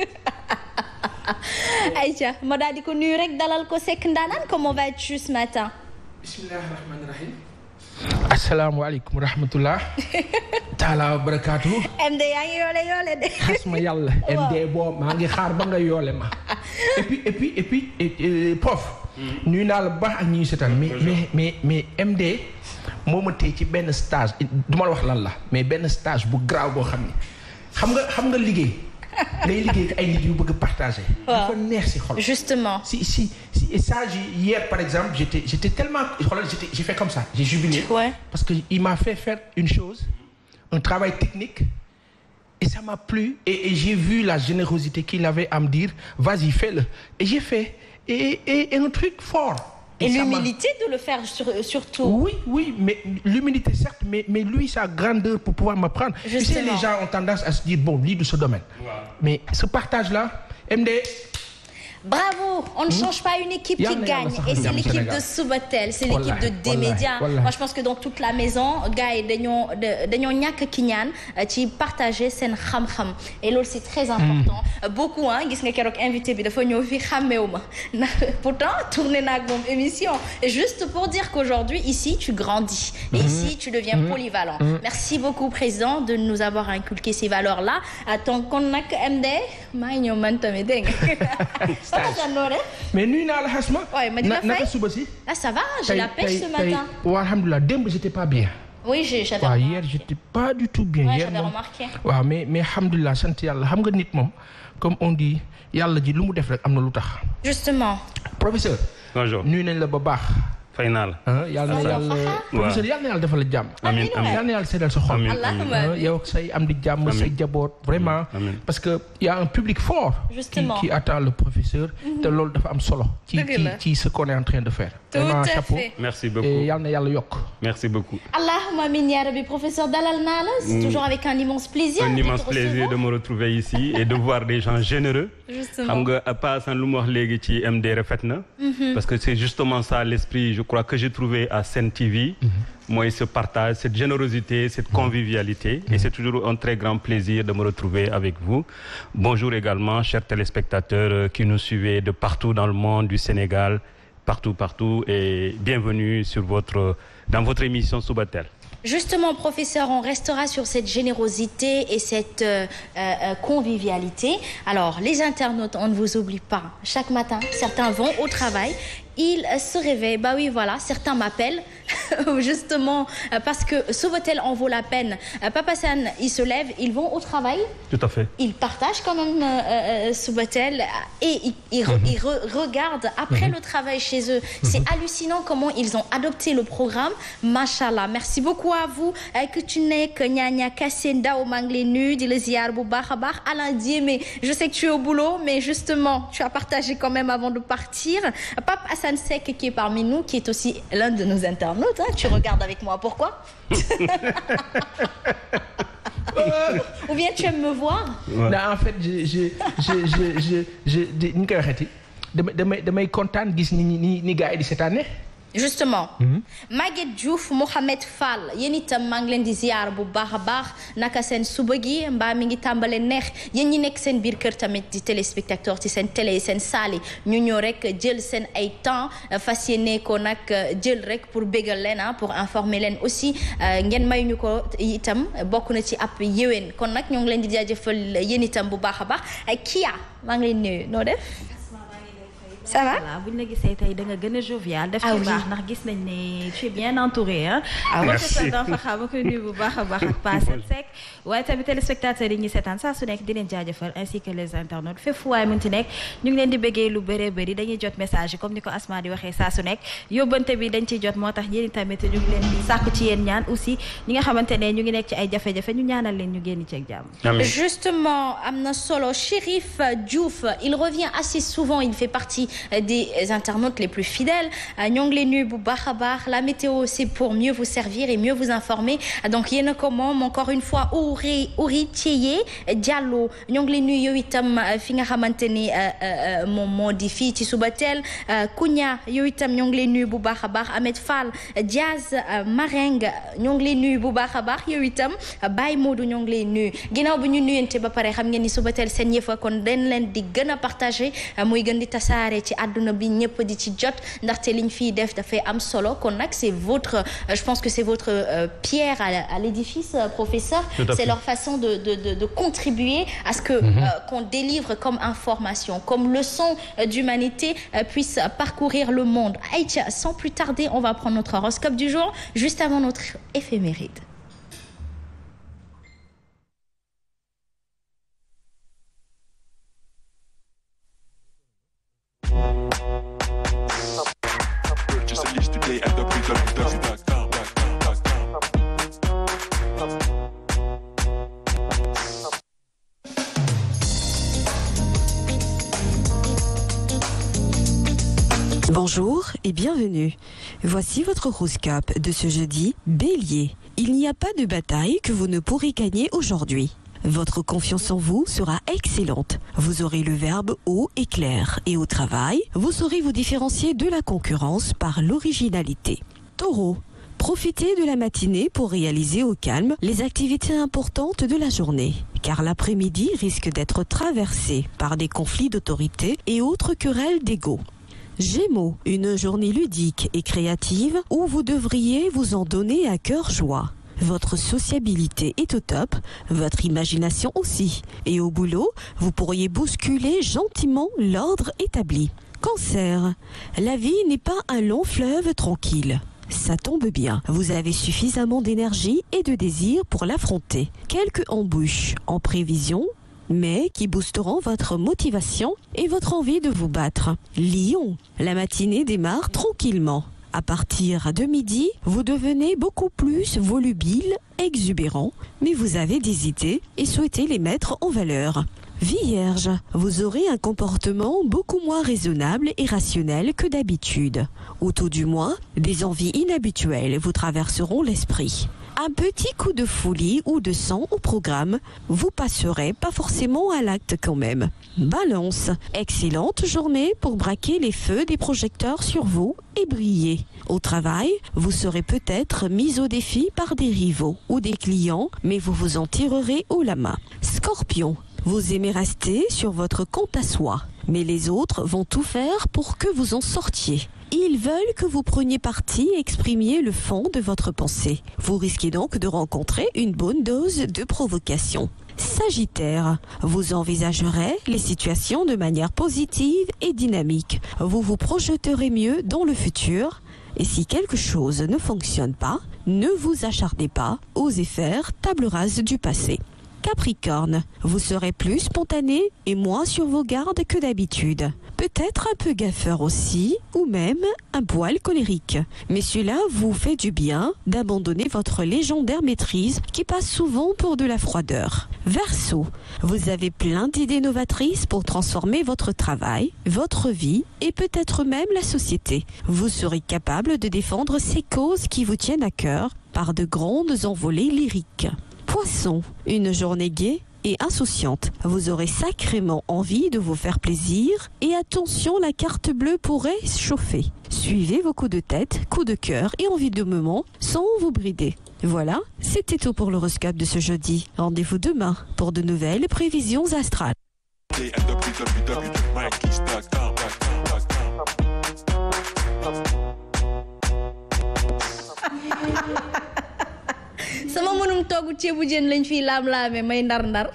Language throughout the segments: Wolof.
Aïcha ma daal di ko nuyu rek dalal ko Seck Ndanane comment vas-tu ce matin. bismillahi rahmaani rahim. asalaamaaleykum wa taalaa wa barakaatu. MD yaa ngi yoole yoole de. xas yàlla MD boo maa ngi xaar ba nga yoole ma. et puis et puis euh, hmm. naa la bu baax ak ñi ñu seetaan mais mais mais MD. moo ma téye ci benn stage du la wax lan la mais benn stage bu grave boo xam ne xam nga xam nga liggéey. ngay liggéey ak ay nit yu bëgg a partagé. dafa neex si xol. justement si si si et ça hier par exemple j' étais j' étais tellement xoolal j' étais j' ai fait comme ça j'ai jubilé. Ouais. parce que il m'a fait faire une chose un travail technique. et ça m'a plu et, et j'ai vu la générosité qu'il avait à me dire vas-y fais-le et j'ai fait et et, et un truc fort. Et, et l'humilité de le faire sur, surtout. Oui, oui, mais l'humilité certes, mais, mais lui, sa grandeur pour pouvoir m'apprendre. Tu sais, les gens ont tendance à se dire, bon, lui de ce domaine. Wow. Mais ce partage-là, MD, bravo on ne change pas une équipe qui gagne et c'est l'équipe de Subatel c'est l'équipe de D-Média moi je pense que dans toute la maison gars yi dañoo dañoo ñàkk ki ñaan ci partager seen xam-xam et loolu c'est très important mm. euh, beaucoup ah gis nga keroog invité bi dafa ñëw fii xàmmeewu ma ndax pourtant tourné naag moom émission juste pour dire qu'aujourd'hui ici tu grandis et mm-hmm. ici tu deviens mm-hmm. polyvalent mm-hmm. merci beaucoup président de nous avoir inculqué ces valeurs là tant nag MD maa ngi ñëw man tamit dégg stage mais nuyu naa la xasma. waaw ma dina fay naka suba si. ah ça va j'ai la pêche ce matin. tey alhamdulilah démb j'étais pas bien. oui j'ai j'avais remarqué waaw hier j'étais pas du tout bien. hier moom waaw mais mais alhamdulilah sant yàlla xam nga nit moom comme on dit yàlla ji lu mu def rek am na lu tax. justement. professeur. bonjour nuyu nañ la ba baax. fay naa ah, la. yàlla na yàlla professeur la jàmm. amiin amiin yàlla na yàlla seddal sa xol. Ah, yow ak say am di jàmm say jaboot. vraiment parce que y a un public fort. qui attend le professeur. Mhm. te loolu dafa am solo. ci ci ce en train de faire. vraiment chapeau merci yàlla yàlla yokk. merci beaucoup. allahumma amin professeur dalal naa c'est mm. toujours avec un immense plaisir. de me retrouver ici et de voir des gens généreux. justement xam nga Paa lu mu wax léegi ci MD rafet na. Mhm. parce que c'est justement ça l'esprit je crois que j'ai trouvé à Sen TV mhm. mooy cette générosité cette mhm. convivialité et mhm. c'est toujours un très grand plaisir de me retrouver avec vous bonjour également chers téléspectateurs euh, qui nous suivez de partout dans le monde du Sénégal partout partout et bienvenue sur votre euh, professeur, on restera sur cette générosité et cette euh, euh, euh, convivialité. Alors, les internautes, on ne vous oublie pas. Chaque matin, certains vont au travail. ils euh, se réveillent. Bah oui, voilà, certains m'appellent, justement, euh, parce que Sauvetel en vaut la peine. Euh, Papa San, ils se lèvent, ils vont au travail. Tout à fait. Ils partagent quand même euh, Sauvetel et ils, ils, mmh. ils re regardent après mmh. le travail chez eux. Mmh. C'est mhm. hallucinant comment ils ont adopté le programme. Machallah, merci beaucoup à vous. Que tu n'es que Nyanya Kassenda au Manglenu, Dileziar Boubahabar, Alain Diémé. Je sais que tu es au boulot, mais justement, tu as partagé quand même avant de partir. Papa Assane Seck qui est parmi nous, qui est aussi l'un de nos internautes. Hein. Tu regardes avec moi, pourquoi Ou bien tu aimes me voir ouais. Non, en fait, je, je, je, je, je, je, je, damay damay kontaan gis ni ni ni gars yi di cette année justement mhm. Maguette Diouf Mouhamed Fall yéen itam maa ngi leen di ziar bu baax a baax naka seen suba gi mbaam mi ngi tàmbale neex yéen ñi nekk seen biir kër tamit di téléspectateur ci seen télé seen saali ñu ñëw rek jël seen ay temps euh, fas yéene ko nag euh, jël rek pour bégal leen ah pour informer leen aussi euh, ngeen may ñu ko itam bokk na ci ab yéwén kon nag ñoo ngi leen di jaajëfal yéen itam bu baax a baax Kia maa ngi leen nuyu noo def ça va voilà a jovial. def ci baax ndax gis nañ a baax ak Pa Assane Seck. saa su nekk di leen jaajëfal ainsi que les internautes fépp fu waay mënti nekk ñu ngi leen di bëggee lu bëree dañuy jot message comme ni ko Asma di waxee saa su nekk yóbbante bi dañ ciy jot moo tax yéen tamit ñu ngi leen di sàkku ci yéen ñaan aussi ñi nga xamante ne ñu ngi nekk ci ay jafe-jafe ñu ñaanal leen ñu génn ci ak jàmm. justement am na solo Chérif Diouf il revient assez souvent il fait partie des internautes les plus fidèles ñoo ngi leen nuyu bu baax a baax la météo c'est pour mieux vous servir et mieux vous informer donc yéen a ko moom encore une fois Ouri Ouri Thieye Diallo ñoo ngi leen nuyu yow itam euh, fi nga xamante ni euh, euh, moom moo di fii ci suba teel Kounia yow itam ñoo ngi leen nuyu bu baax a baax Ahmed Fall Diaz Mareng ñoo ngi leen nuyu bu baax a baax yow itam Baye Modou ñoo ngi leen nuyu ginnaaw bu ñu nuyante ba pare xam ngeen ni suba teel seen yëfa kon den leen di gën a partager muy gën di tasaare tasaare ci bi ñëpp di ci jot ndaxte liñ fiy def dafay am solo kon nag c'est votre euh, je pense que c'est votre euh, pierre à l'édifice euh, professeur c'est leur façon de de de de contribuer à ce que mm-hmm. qu'on délivre comme information comme leçon d'humanité puisse parcourir le monde Aïcha sans plus tarder on va prendre notre horoscope du jour juste avant notre éphéméride Bonjour et bienvenue. Voici votre horoscope de ce jeudi, Bélier. Il n'y a pas de bataille que vous ne pourrez gagner aujourd'hui. Votre confiance en vous sera excellente. Vous aurez le verbe haut et Et au travail, vous saurez vous différencier de la concurrence par l'originalité. Taureau, profitez de la matinée pour réaliser au calme les activités importantes de la journée, car l'après-midi risque d'être traversé par des conflits d'autorité et autres Gémeaux, une journée ludique et créative où vous devriez vous en donner à cœur joie. Votre sociabilité est au votre imagination aussi. Et au boulot, vous pourriez bousculer gentiment l'ordre établi. Cancer, la vie n'est pas un long fleuve tranquille. Ça tombe bien, vous avez suffisamment d'énergie et de désir pour l'affronter. Quelques embûches en prévision mais qui boosteront votre motivation et votre envie de vous battre. Lyon, la matinée démarre tranquillement. À partir de midi, vous devenez beaucoup plus volubile, exubérant, mais vous avez des idées et souhaitez les mettre en valeur. Vierge, vous aurez un comportement beaucoup moins raisonnable et rationnel que d'habitude. Ou tout du moins, des envies inhabituelles vous traverseront l'esprit. Un petit coup de folie ou de sang au programme, vous passerez pas forcément à l'acte quand même. Balance, excellente journée pour braquer les feux des projecteurs sur vous et briller. Au travail, vous serez peut-être mis au défi par des rivaux ou des clients, mais vous vous en tirerez haut la main. Scorpion, Vous aimez rester sur votre compte à soi, mais les autres vont tout faire pour que vous en sortiez. Ils veulent que vous preniez parti exprimiez le fond de votre pensée. Vous risquez donc de rencontrer une bonne dose de provocation. Sagittaire, vous envisagerez les situations de manière positive et dynamique. Vous vous projeterez mieux dans le futur. Et si quelque chose ne fonctionne pas, ne vous acharnez pas, osez faire table rase du passé. Capricorne, vous serez plus spontané et moins sur vos gardes que d'habitude. Peut-être un peu gaffeur aussi, ou même un poil colérique. Mais cela vous fait du bien d'abandonner votre légendaire maîtrise qui passe souvent pour de la froideur. Verseau, vous avez plein d'idées novatrices pour transformer votre travail, votre vie et peut-être même la société. Vous serez capable de défendre ces causes qui vous tiennent à cœur par de grandes envolées lyriques. Poisson, une journée gaie et insouciante. Vous aurez sacrément envie de vous faire plaisir et attention, la carte bleue pourrait chauffer. Suivez vos coups de tête, coups de cœur et envie de moment sans vous brider. Voilà, c'était tout pour l'horoscope de ce jeudi. rendez demain pour de nouvelles prévisions astrales. sama mënum togg ceebu jën lañ fiy laam-laame may ndar-ndar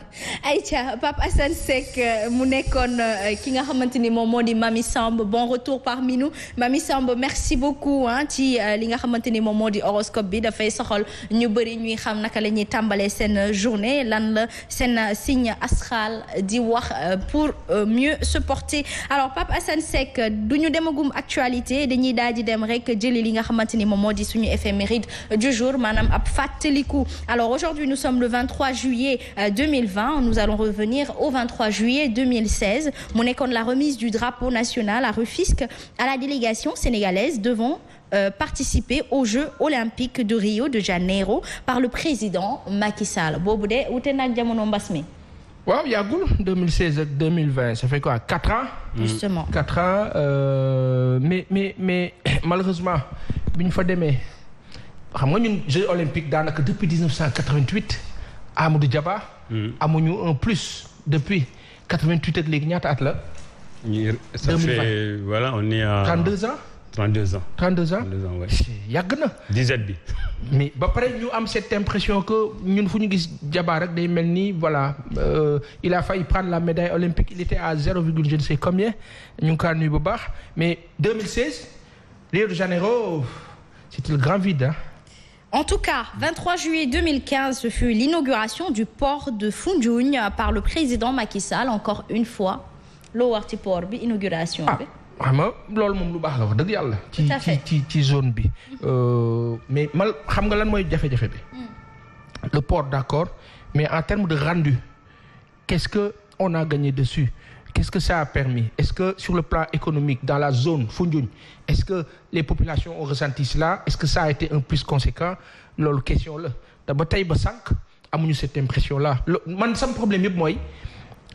ayca Pape Assane Seck euh, mu nekkoon euh, ki nga xamante ni moom moo di Mamy Samb bon retour parmi nous Mamy Samb merci beaucoup ah ci euh, li nga xamante ni moom moo di horoscope bi dafay soxal ñu bëri ñuy xam naka lañuy ñuy tàmbalee seen journée lan la seen signe astral di wax pour mieux se porter alors Pape Assane Seck du ñu demagum actualité dañuy daal di dem rek jëli li nga xamante ni moom moo di suñu éphéméride du jour maanaam fàttaliku alors aujourd'hui nous sommes le 23 juillet 2020 euh, nous allons revenir au 23 juillet 2016 mu nekkoon la remise du drapeau national à Rufisque à la délégation sénégalaise devant euh, participer aux Jeux olympiques de Rio boobu de wute naag jamono mbas mi waaw yàggul 2016 ak 2020 ça fait quoi quatre ans. Mm. justement quatre ans euh, mais mais mais malheureusement bi xam nga ñun Jeux olympiques daanaka depuis 1988 Amadou Diaba. Hmm. amuñu un plus depuis 88 ak léegi ñaata at la. ñu ça fait voilà on est à. 32 ans 32 ans. 32 ans 32 ans yàgg na. disette bi. mais ba pare ñu am cette impression que ñun fu ñu gis Diaba rek day mel ni voilà euh, il a failli prendre la médaille olympique il était à zéro virgule je ne sais combien ñu ngi kaa bu baax mais 2016 Rio de Janeiro c'était le grand vide En tout cas, 23 juillet 2015, ce fut l'inauguration du port de Foundiougne par le président Macky Sall encore une fois loo wax ci port bi inauguration bi. Ah, loolu moom lu baax la wax dëgg yàlla. ci ci ci zone bi. Euh, mais mal xam nga lan mooy jafe-jafe bi. Hmm. le port d'accord mais en termes de rendu qu'est-ce que on a gagné dessus. quest que ça a permis Est-ce que sur le plan économique, dans la zone Foundiougne, est-ce que les populations ont ressenti cela Est-ce que ça a été un plus conséquent loolu question la d'abord tey ba sànq amuñu cette impression là man sam problème yëpp mooy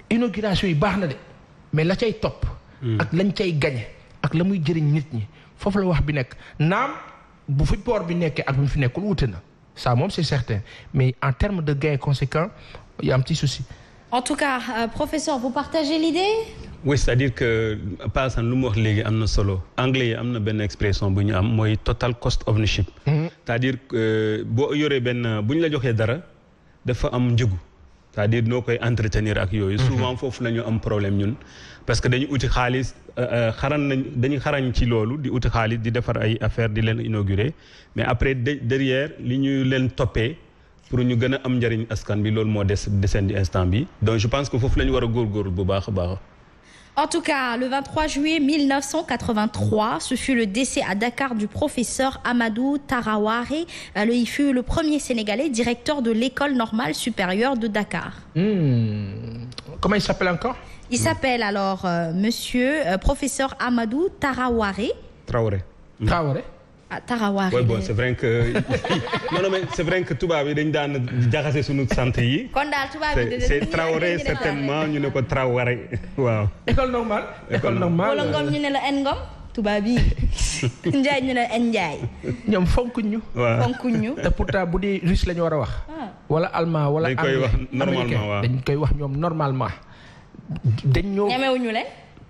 inauguration yi baax na de mais la cay topp hmm. ak lañ cay gañe ak la muy jëriñ nit ñi foofu la wax bi nekk naam bu fi port bi nekkee ak bu fi nekkul wute na ça moom c'est certain mais en terme de gain conséquent y a un souci en tout cas euh, professeur vous partagez l'idée oui c'est-à-dire que paasan lu mu wax léegi am na solo anglais yi am na benn expression bu ñu am mooy total cost ownership mhm. c'est-à-dire euh, boo yoree benn bu ñu la joxee dara dafa am njëgu c'est-à-dire noo koy entretenir ak yooyu mhm. souvent foofu la ñu am problème ñun parce que dañu uti xaalis euh, euh, xaran nañ dañu xarañ ci loolu di uti xaalis di defar ay affaire di leen inaugurer mais après derrière li ñu leen toppee pour ñu gën a am njëriñ askan bi loolu moo des deseen di instant bi pense que foofu la ñu war a góorgóorlu a baax. En tout cas, le 23 juillet 1983, ce fut le décès à Dakar du professeur Amadou Taraware. Euh, il fut le premier Sénégalais directeur de l'École normale supérieure de Dakar. Mmh. Comment il s'appelle euh, euh, Amadou Taraware. Traoré. ah taxawaaxi oui bon c' que non non mais que tubaab yi dañ daan jaxase suñu sant yi. kon daal tubaab yi c' est Traoré certainement ñu ne ko Traoré waaw. école normale école normale wala ñu ne la en ngom. tubaab yi njaay ñu ne en njaay ñoom fonk ñu fonkuñ ñu te pourtant bu dee russe la ñu war a wax ah. wala allemand wala américain dañ koy wax normalement dañ koy wax ñoom normalement dañ ñoo ñemewuñu leen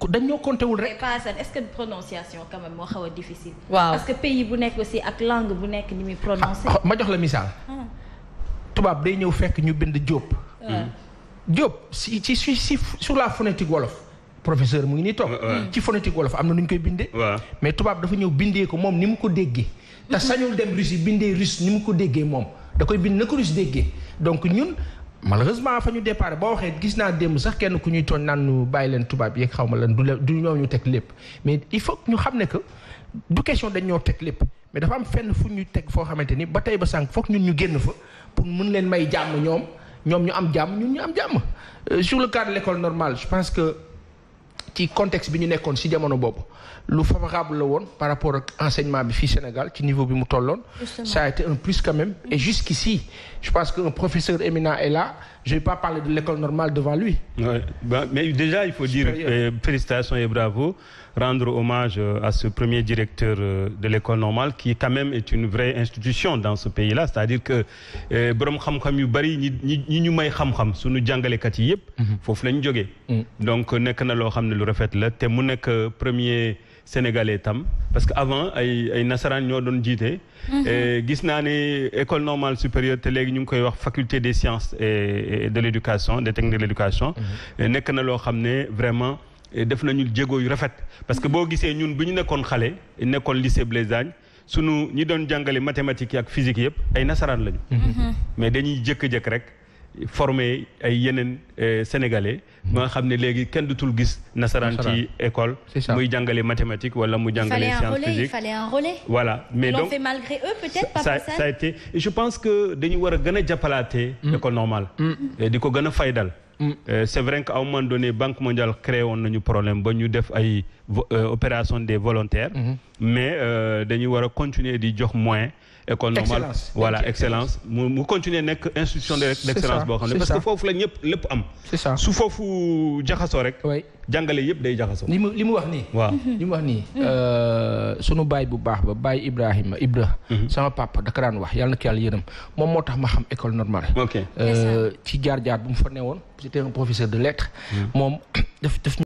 dañ ñoo compté wul rek. est ce que prononciation quand même moo xaw a difficile. waaw parce que pays bu nekk aussi ak langue bu nekk ni muy prononcé. Ah, ah, ma jox la misaal. Ah. tubaab day ñëw fekk ñu bind Diop. Hmm. Diop si ci si si sur la phonétique wolof. professeur mu ngi nii toog. ci phonétique wolof am na nu ñu koy bindee. mais tubaab dafa ñëw bindee ko moom ni mu ko déggee. te sañul dem russe yi bindee russe ni mu ko déggee moom da koy bind na ko russe déggee donc ñun. malheureusement fa ñu départ boo waxee gis naa démb sax kenn ku ñuy tooñ naan ñu bàyyi leen tubaab yeeg xaw ma lan leen du ñoo ñu teg lépp mais il faut ñu xam ne que du question dañ ñoo teg lépp mais dafa am fenn fu ñu teg foo xamante ni ba tey ba sànq foog ñun ñu génn fa pour mun leen may jàmm ñoom ñoom ñu am jàmm ñu ñu am jàmm euh, sur le cas de l'école normale je pense que ci contexte bi ñu nekkoon si jamono boobu lu favorable la woon par rapport ak enseignement bi fii Sénégal ci niveau bi mu tolloon ça a été un plus quand même et jusqu'ici je pense que un professeur éminent est là je n'ai pas parlé de l'école normale devant lui. Ouais. Bah, mais déjà, il faut dire euh, félicitations et bravo, rendre hommage euh, à ce premier directeur euh, de l'école normale qui quand même est une vraie institution dans ce pays-là. C'est-à-dire que euh, borom xam-xam yu bari ñi ñi ñu may xam-xam suñu jàngalekat yi yëpp. Mhm. foofu la ñu jógee. Mm. donc nekk na loo xam ne lu rafet la te mu nekk euh, premier. sénégalais tam parce que avant ay ay nasaraan ñoo doon jiite. Mhm. gis naa ne école normale supérieure te léegi ñu ngi koy wax faculté des sciences et de léducation éducation des de l' éducation. Mhm. nekk na loo xam ne vraiment def nañu jéego yu rafet. parce que mhm. boo gisee ñun bu ñu nekkoon xale nekkoon lycée Blaise sunu ñi doon jàngale mathématiques ak physique yëpp ay nasaraan lañu. mais dañuy jékki-jékki rek. former ay yeneen euh, sénégalais mhm. ba nga xam ne léegi kenn dutul gis nasaraan ci école muy jàngalee mathématiques wala mu jàngalee sciences physiques il voilà mais donc fait malgré a été je pense que dañu war a gën a jàppalaate mm. école normale mm. di ko gën a faydal mm. euh, c'est vrai qu'à un man donné banque mondiale créé woon nañu problème ba ñu def ay Euh, opération des volontaires. Mm-hmm. mais euh, dañuy war a continuer di jox moyen. école normale voilà excellence mu mu continuer nekk institution de d'excellence boo xam ne parce que foofu la ñëpp lépp am. su foofu jaxasoo rek. jàngale yëpp day jaxasoo. li mu li mu wax nii. waaw li wax nii. Euh, sunu baay bu baax ba baay Ibrahima Ibra. Mm-hmm. sama papa da ka daan wax yàlla na ko yàlla yërëm moom moo tax ma xam école normale. ok ci jaar jaar bu mu fa newoon woon un professeur de lettres. Mm-hmm. moom daf daf